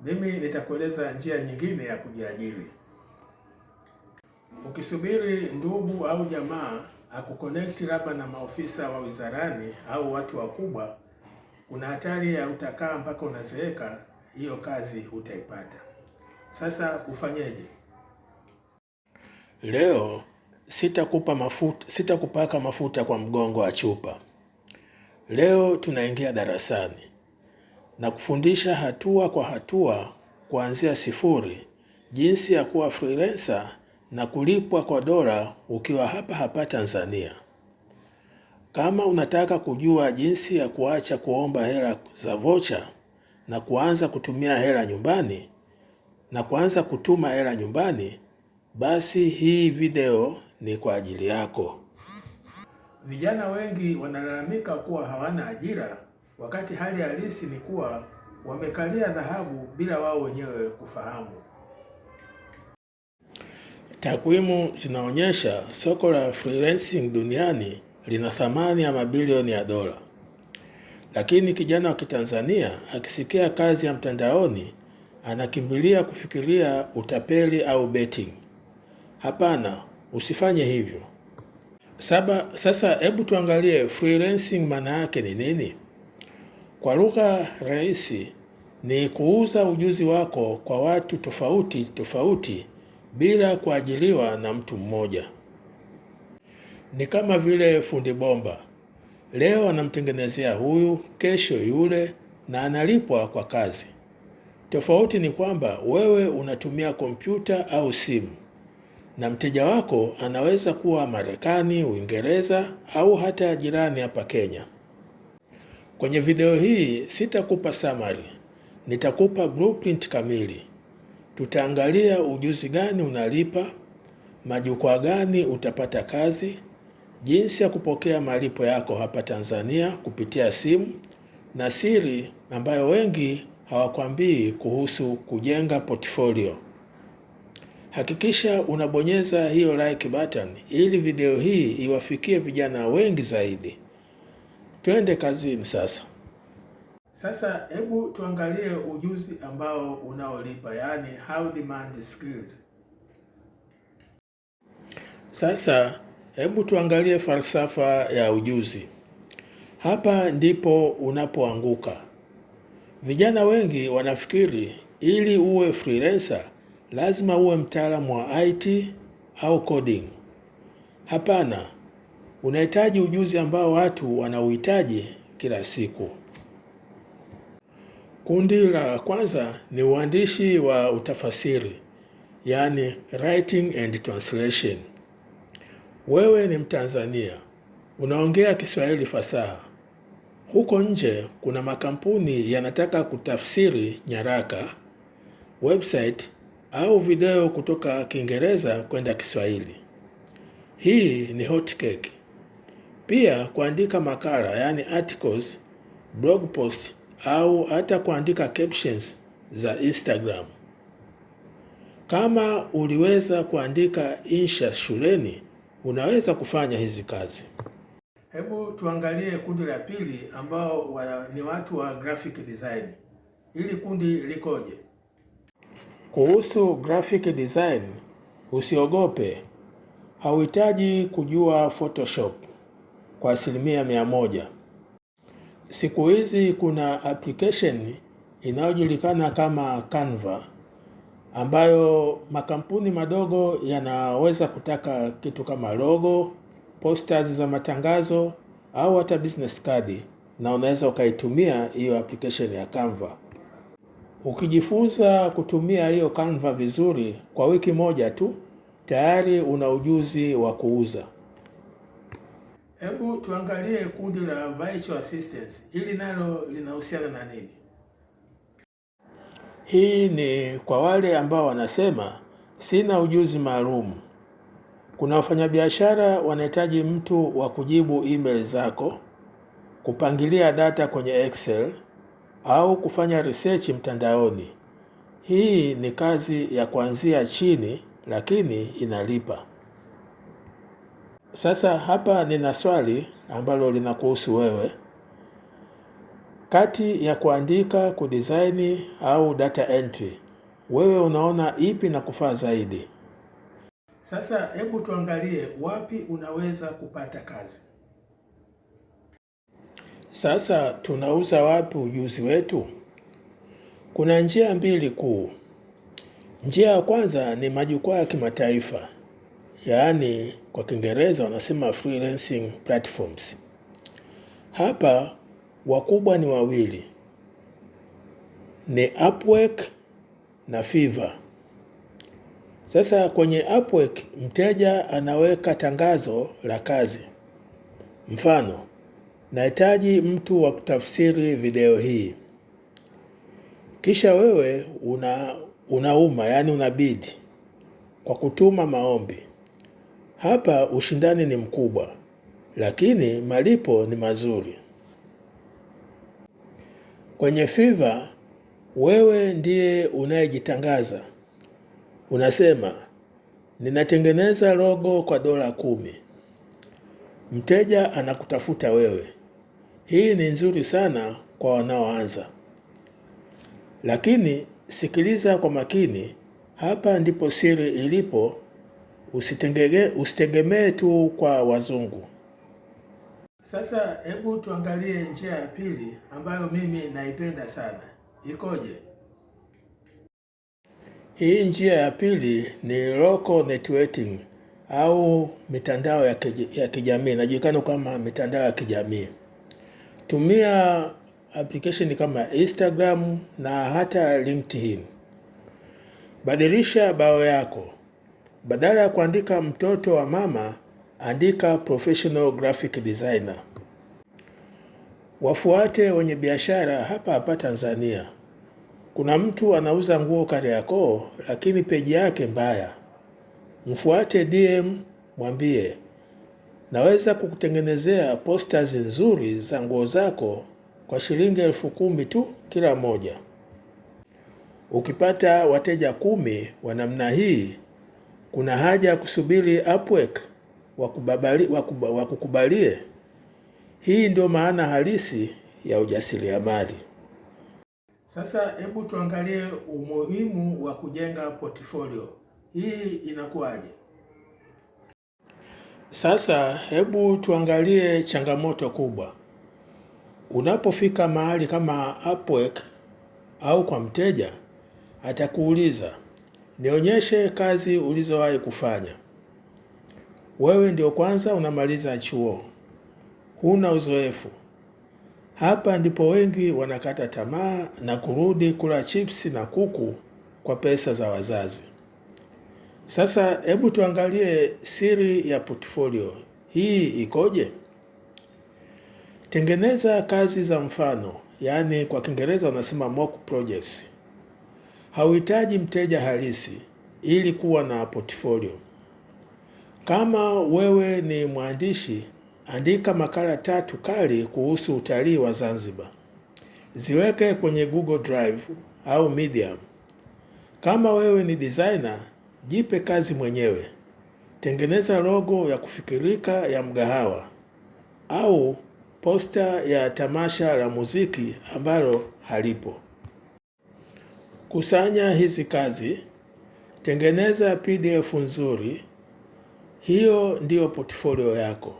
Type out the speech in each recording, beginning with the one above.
Mimi nitakueleza njia nyingine ya kujiajiri. Ukisubiri ndugu au jamaa akukonekti labda na maofisa wa wizarani au watu wakubwa, kuna hatari ya utakaa mpaka unazeeka, hiyo kazi utaipata. Sasa ufanyeje? Leo sitakupa mafuta, sitakupaka mafuta kwa mgongo wa chupa. Leo tunaingia darasani na kufundisha hatua kwa hatua kuanzia sifuri jinsi ya kuwa freelancer na kulipwa kwa dola ukiwa hapa hapa Tanzania. Kama unataka kujua jinsi ya kuacha kuomba hela za vocha na kuanza kutumia hela nyumbani na kuanza kutuma hela nyumbani, basi hii video ni kwa ajili yako. Vijana wengi wanalalamika kuwa hawana ajira wakati hali halisi ni kuwa wamekalia dhahabu bila wao wenyewe kufahamu. Takwimu zinaonyesha soko la freelancing duniani lina thamani ya mabilioni ya dola, lakini kijana wa Kitanzania akisikia kazi ya mtandaoni anakimbilia kufikiria utapeli au betting. Hapana, usifanye hivyo. Saba, sasa hebu tuangalie freelancing maana yake ni nini? Kwa lugha rahisi ni kuuza ujuzi wako kwa watu tofauti tofauti bila kuajiriwa na mtu mmoja. Ni kama vile fundi bomba, leo anamtengenezea huyu, kesho yule, na analipwa kwa kazi. Tofauti ni kwamba wewe unatumia kompyuta au simu, na mteja wako anaweza kuwa Marekani, Uingereza au hata jirani hapa Kenya. Kwenye video hii sitakupa summary, nitakupa blueprint kamili. Tutaangalia ujuzi gani unalipa, majukwaa gani utapata kazi, jinsi ya kupokea malipo yako hapa Tanzania kupitia simu na siri ambayo wengi hawakwambii kuhusu kujenga portfolio. Hakikisha unabonyeza hiyo like button ili video hii iwafikie vijana wengi zaidi. Twende kazini sasa. Sasa hebu tuangalie ujuzi ambao unaolipa, yaani high demand skills. Sasa hebu tuangalie falsafa ya ujuzi. Hapa ndipo unapoanguka. Vijana wengi wanafikiri ili uwe freelancer lazima uwe mtaalamu wa IT au coding. Hapana, unahitaji ujuzi ambao watu wanauhitaji kila siku. Kundi la kwanza ni uandishi wa utafasiri, yaani writing and translation. Wewe ni Mtanzania, unaongea Kiswahili fasaha. Huko nje kuna makampuni yanataka kutafsiri nyaraka, website au video kutoka Kiingereza kwenda Kiswahili. Hii ni hot cake. Pia kuandika makala yani articles, blog post au hata kuandika captions za Instagram. Kama uliweza kuandika insha shuleni, unaweza kufanya hizi kazi. Hebu tuangalie kundi la pili ambao wa, ni watu wa graphic design. Hili kundi likoje? Kuhusu graphic design, usiogope. Hauhitaji kujua Photoshop kwa asilimia mia moja. Siku hizi kuna application inayojulikana kama Canva ambayo makampuni madogo yanaweza kutaka kitu kama logo, posters za matangazo au hata business card, na unaweza ukaitumia hiyo application ya Canva. Ukijifunza kutumia hiyo Canva vizuri kwa wiki moja tu, tayari una ujuzi wa kuuza. Hebu tuangalie kundi la virtual assistants, hili nalo linahusiana na nini? Hii ni kwa wale ambao wanasema sina ujuzi maalum. Kuna wafanyabiashara wanahitaji mtu wa kujibu email zako, kupangilia data kwenye Excel au kufanya research mtandaoni. Hii ni kazi ya kuanzia chini, lakini inalipa. Sasa hapa nina swali ambalo linakuhusu wewe. Kati ya kuandika, kudesign au data entry, wewe unaona ipi na kufaa zaidi? Sasa hebu tuangalie wapi unaweza kupata kazi. Sasa tunauza wapi ujuzi wetu? Kuna njia mbili kuu. Njia ya kwanza ni majukwaa ya kimataifa yaani kwa Kiingereza wanasema freelancing platforms. Hapa wakubwa ni wawili, ni Upwork na Fiverr. Sasa kwenye Upwork mteja anaweka tangazo la kazi, mfano nahitaji mtu wa kutafsiri video hii, kisha wewe una unauma, yaani unabidi kwa kutuma maombi. Hapa ushindani ni mkubwa, lakini malipo ni mazuri. Kwenye Fiverr wewe ndiye unayejitangaza, unasema ninatengeneza logo kwa dola kumi. Mteja anakutafuta wewe. Hii ni nzuri sana kwa wanaoanza, lakini sikiliza kwa makini. Hapa ndipo siri ilipo usitegemee tu kwa wazungu. Sasa hebu tuangalie njia ya pili ambayo mimi naipenda sana, ikoje? Hii njia ya pili ni local networking au mitandao ya kijamii inajulikana kama mitandao ya kijamii. Tumia application kama Instagram na hata LinkedIn. Badilisha bio yako, badala ya kuandika mtoto wa mama, andika professional graphic designer. Wafuate wenye biashara hapa hapa Tanzania. Kuna mtu anauza nguo Kariakoo, lakini peji yake mbaya. Mfuate DM, mwambie naweza kukutengenezea posters nzuri za nguo zako kwa shilingi elfu kumi tu kila moja. Ukipata wateja kumi wa namna hii kuna haja ya kusubiri Upwork wakukubalie? Hii ndio maana halisi ya ujasiriamali. Sasa hebu tuangalie umuhimu wa kujenga portfolio. Hii inakuwaje? Sasa hebu tuangalie changamoto kubwa. Unapofika mahali kama Upwork au kwa mteja atakuuliza nionyeshe kazi ulizowahi kufanya. Wewe ndio kwanza unamaliza chuo, huna uzoefu. Hapa ndipo wengi wanakata tamaa na kurudi kula chipsi na kuku kwa pesa za wazazi. Sasa hebu tuangalie siri ya portfolio hii ikoje? Tengeneza kazi za mfano, yaani kwa Kiingereza wanasema mock projects. Hauhitaji mteja halisi ili kuwa na portfolio. Kama wewe ni mwandishi, andika makala tatu kali kuhusu utalii wa Zanzibar. Ziweke kwenye Google Drive au Medium. Kama wewe ni designer, jipe kazi mwenyewe. Tengeneza logo ya kufikirika ya mgahawa au posta ya tamasha la muziki ambalo halipo kusanya hizi kazi, tengeneza PDF nzuri. Hiyo ndiyo portfolio yako.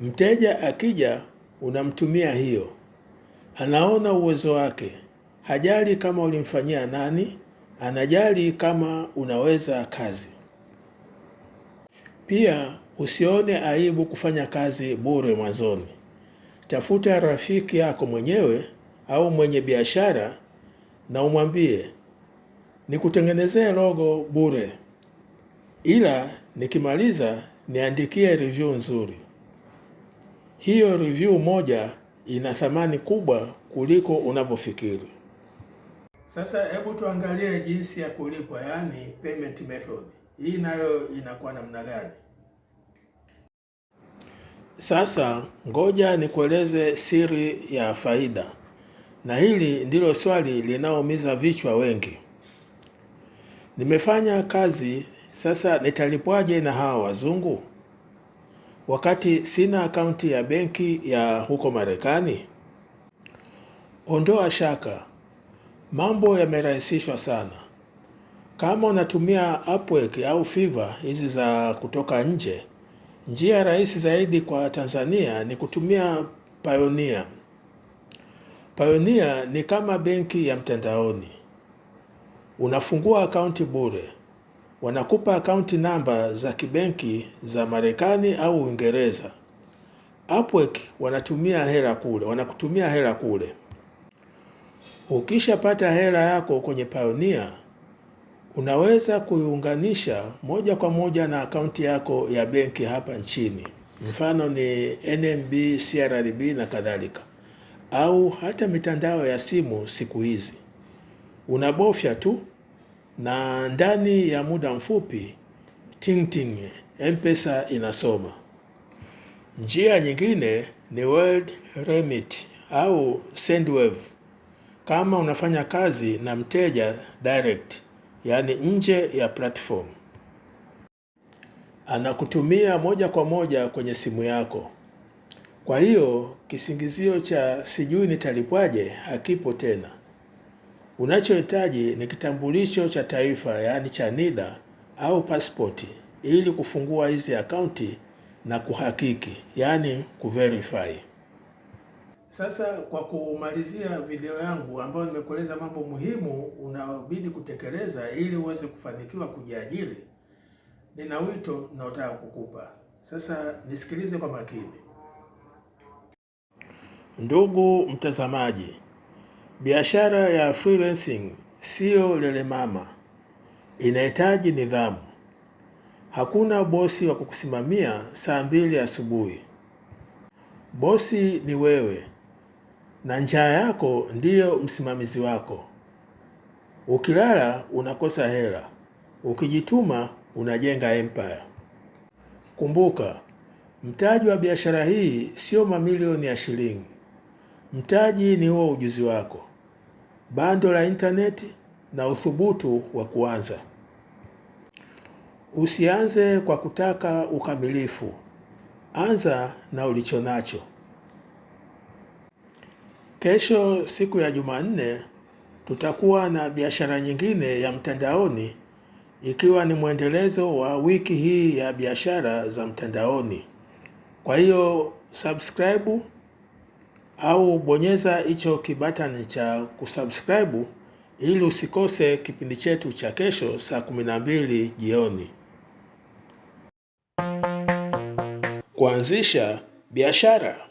Mteja akija, unamtumia hiyo, anaona uwezo wake. Hajali kama ulimfanyia nani, anajali kama unaweza kazi. Pia usione aibu kufanya kazi bure mwanzoni. Tafuta rafiki yako mwenyewe au mwenye biashara na umwambie nikutengenezee logo bure, ila nikimaliza niandikie review nzuri. Hiyo review moja ina thamani kubwa kuliko unavyofikiri. Sasa hebu tuangalie jinsi ya kulipwa, yaani payment method. Hii nayo inakuwa namna gani? Sasa ngoja nikueleze siri ya faida na hili ndilo swali linaoumiza vichwa wengi. Nimefanya kazi sasa, nitalipwaje na hawa wazungu wakati sina akaunti ya benki ya huko Marekani? Ondoa shaka, mambo yamerahisishwa sana. Kama unatumia Upwork au Fiverr hizi za kutoka nje, njia rahisi zaidi kwa Tanzania ni kutumia Payoneer. Payoneer ni kama benki ya mtandaoni. Unafungua akaunti bure, wanakupa akaunti namba za kibenki za Marekani au Uingereza. Upwork wanatumia hela kule, wanakutumia hela kule. Ukishapata hela yako kwenye Payoneer, unaweza kuiunganisha moja kwa moja na akaunti yako ya benki hapa nchini, mfano ni NMB, CRDB na kadhalika au hata mitandao ya simu siku hizi. Unabofya tu na ndani ya muda mfupi ting, M-Pesa inasoma. Njia nyingine ni Remit au SendWave kama unafanya kazi na mteja direct, yaani nje ya platform, anakutumia moja kwa moja kwenye simu yako. Kwa hiyo kisingizio cha sijui nitalipwaje hakipo tena. Unachohitaji ni kitambulisho cha taifa, yaani cha NIDA au pasipoti, ili kufungua hizi akaunti na kuhakiki, yaani kuverify. Sasa kwa kumalizia video yangu ambayo nimekueleza mambo muhimu unaobidi kutekeleza ili uweze kufanikiwa kujiajiri, nina wito naotaka kukupa. Sasa nisikilize kwa makini. Ndugu mtazamaji, biashara ya freelancing siyo lelemama, inahitaji nidhamu. Hakuna bosi wa kukusimamia saa mbili asubuhi. Bosi ni wewe, na njaa yako ndiyo msimamizi wako. Ukilala unakosa hela, ukijituma unajenga empire. Kumbuka, mtaji wa biashara hii sio mamilioni ya shilingi Mtaji ni huo ujuzi wako, bando la intaneti na uthubutu wa kuanza. Usianze kwa kutaka ukamilifu, anza na ulicho nacho. Kesho siku ya Jumanne tutakuwa na biashara nyingine ya mtandaoni ikiwa ni mwendelezo wa wiki hii ya biashara za mtandaoni. Kwa hiyo subscribe au bonyeza hicho kibatani cha kusubscribe ili usikose kipindi chetu cha kesho saa 12 jioni. Kuanzisha biashara